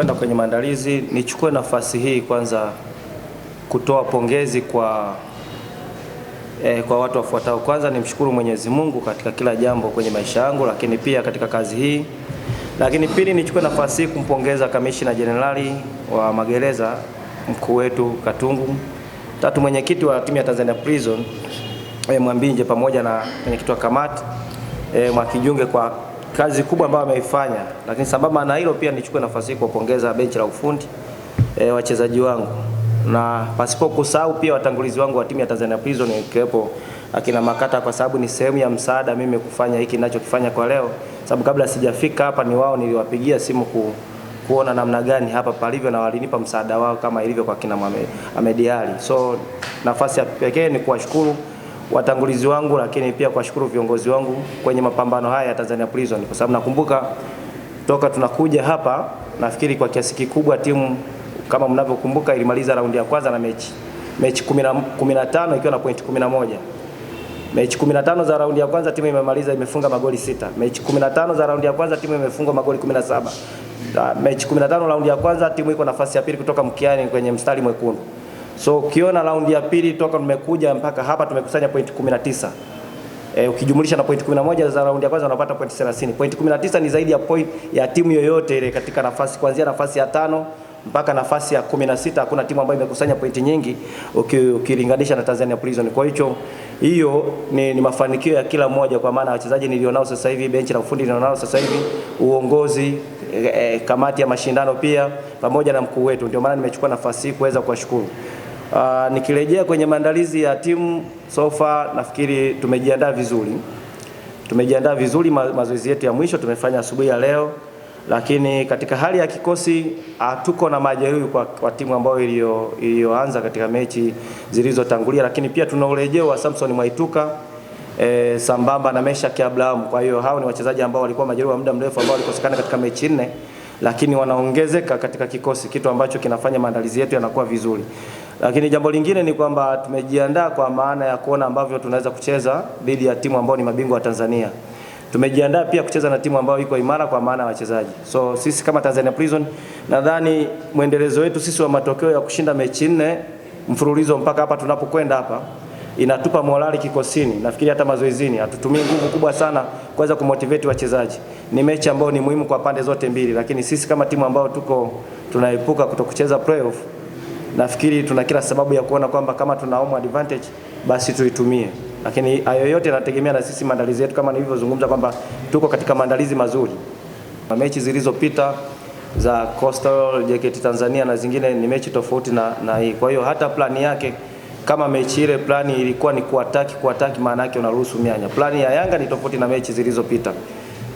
Kwenda kwenye maandalizi, nichukue nafasi hii kwanza kutoa pongezi kwa, eh, kwa watu wafuatao. Kwanza nimshukuru Mwenyezi Mungu katika kila jambo kwenye maisha yangu, lakini pia katika kazi hii. Lakini pili, nichukue nafasi hii kumpongeza Kamishna Jenerali wa Magereza mkuu wetu Katungu. Tatu, mwenyekiti wa timu ya Tanzania Prison eh, Mwambinje pamoja na mwenyekiti wa kamati eh, Mwakijunge kwa kazi kubwa ambayo ameifanya, lakini sambamba na hilo pia nichukue nafasi hii kuwapongeza benchi la ufundi e, wachezaji wangu na pasipo kusahau pia watangulizi wangu wa timu ya Tanzania Prison ikiwepo akina Makata, kwa sababu ni sehemu ya msaada mimi kufanya hiki ninachokifanya kwa leo, sababu kabla sijafika hapa ni wao niliwapigia simu ku, kuona namna gani hapa palivyo na walinipa msaada wao kama ilivyo kwa kina Ahmed Ali. So nafasi ya pekee ni kuwashukuru watangulizi wangu, lakini pia kuwashukuru viongozi wangu kwenye mapambano haya ya Tanzania Prison, kwa sababu nakumbuka toka tunakuja hapa, nafikiri kwa kiasi kikubwa timu kama mnavyokumbuka ilimaliza raundi ya kwanza na mechi mechi 15 ikiwa na point 11. Mechi 15 za raundi ya kwanza timu imemaliza imefunga magoli sita. Mechi 15 za raundi ya kwanza timu imefunga magoli 17. Mechi 15 raundi ya kwanza timu iko nafasi ya pili kutoka mkiani kwenye mstari mwekundu. So ukiona raundi ya pili toka tumekuja mpaka hapa tumekusanya point 19. E, eh, ukijumlisha na point 11 za raundi ya kwanza unapata point 30. Point 19 ni zaidi ya point ya timu yoyote ile katika nafasi kuanzia nafasi ya tano mpaka nafasi ya 16 hakuna timu ambayo imekusanya pointi nyingi ukilinganisha na Tanzania Prison. Kwa hicho hiyo ni, ni mafanikio ya kila mmoja, kwa maana wachezaji nilionao sasa hivi, benchi la ufundi nilionao sasa hivi, uongozi e, kamati ya mashindano pia pamoja na mkuu wetu. Ndio maana nimechukua nafasi hii kuweza kuwashukuru. Uh, nikirejea kwenye maandalizi ya timu sofa nafikiri tumejiandaa vizuri, tumejiandaa vizuri. Mazoezi yetu ya mwisho tumefanya asubuhi ya leo, lakini katika hali ya kikosi hatuko ah, na majeruhi kwa, kwa timu ambayo iliyoanza katika mechi zilizotangulia, lakini pia tuna urejeo wa Samson Mwaituka e, sambamba na Meshack Abraham. Kwa hiyo hao ni wachezaji ambao walikuwa majeruhi wa muda mrefu ambao walikosekana katika mechi nne lakini wanaongezeka katika kikosi, kitu ambacho kinafanya maandalizi yetu yanakuwa vizuri. Lakini jambo lingine ni kwamba tumejiandaa kwa maana ya kuona ambavyo tunaweza kucheza dhidi ya timu ambao ni mabingwa wa Tanzania. Tumejiandaa pia kucheza na timu ambayo iko imara kwa maana ya wachezaji. So sisi kama Tanzania Prison, nadhani mwendelezo wetu sisi wa matokeo ya kushinda mechi nne mfululizo mpaka hapa tunapokwenda hapa inatupa morali kikosini, nafikiri hata mazoezini hatutumii nguvu kubwa sana kuweza kumotivate wachezaji. Ni mechi ambayo ni muhimu kwa pande zote mbili, lakini sisi kama timu ambayo tuko tunaepuka kutokucheza playoff, nafikiri tuna kila sababu ya kuona kwamba kama tuna home advantage basi tuitumie, lakini hayo yote yanategemea na sisi maandalizi yetu, kama nilivyozungumza kwamba tuko katika maandalizi mazuri. Mechi zilizopita za Coastal JKT Tanzania na zingine ni mechi tofauti na, na hii, kwa hiyo hata plani yake kama mechi ile plani ilikuwa ni kuataki kuataki, maana yake unaruhusu mianya. Plani ya Yanga ni tofauti na mechi zilizopita.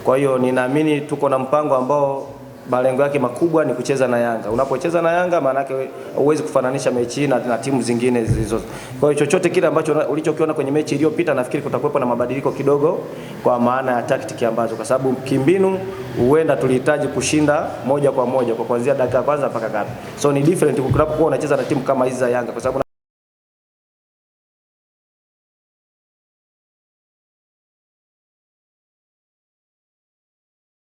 Kwa hiyo ninaamini tuko na mpango ambao malengo yake makubwa ni kucheza na Yanga. Unapocheza na Yanga, maana yake huwezi kufananisha mechi na, na timu zingine zilizo. Kwa hiyo chochote kile ambacho ulichokiona kwenye mechi iliyopita, nafikiri kutakuwepo na mabadiliko kidogo, kwa maana ya taktiki ambazo, kwa sababu kimbinu huenda tulihitaji kushinda moja kwa moja kwa kuanzia dakika ya kwanza mpaka ngapi. So ni different kukuwa unacheza na timu kama hizi za Yanga kwa sababu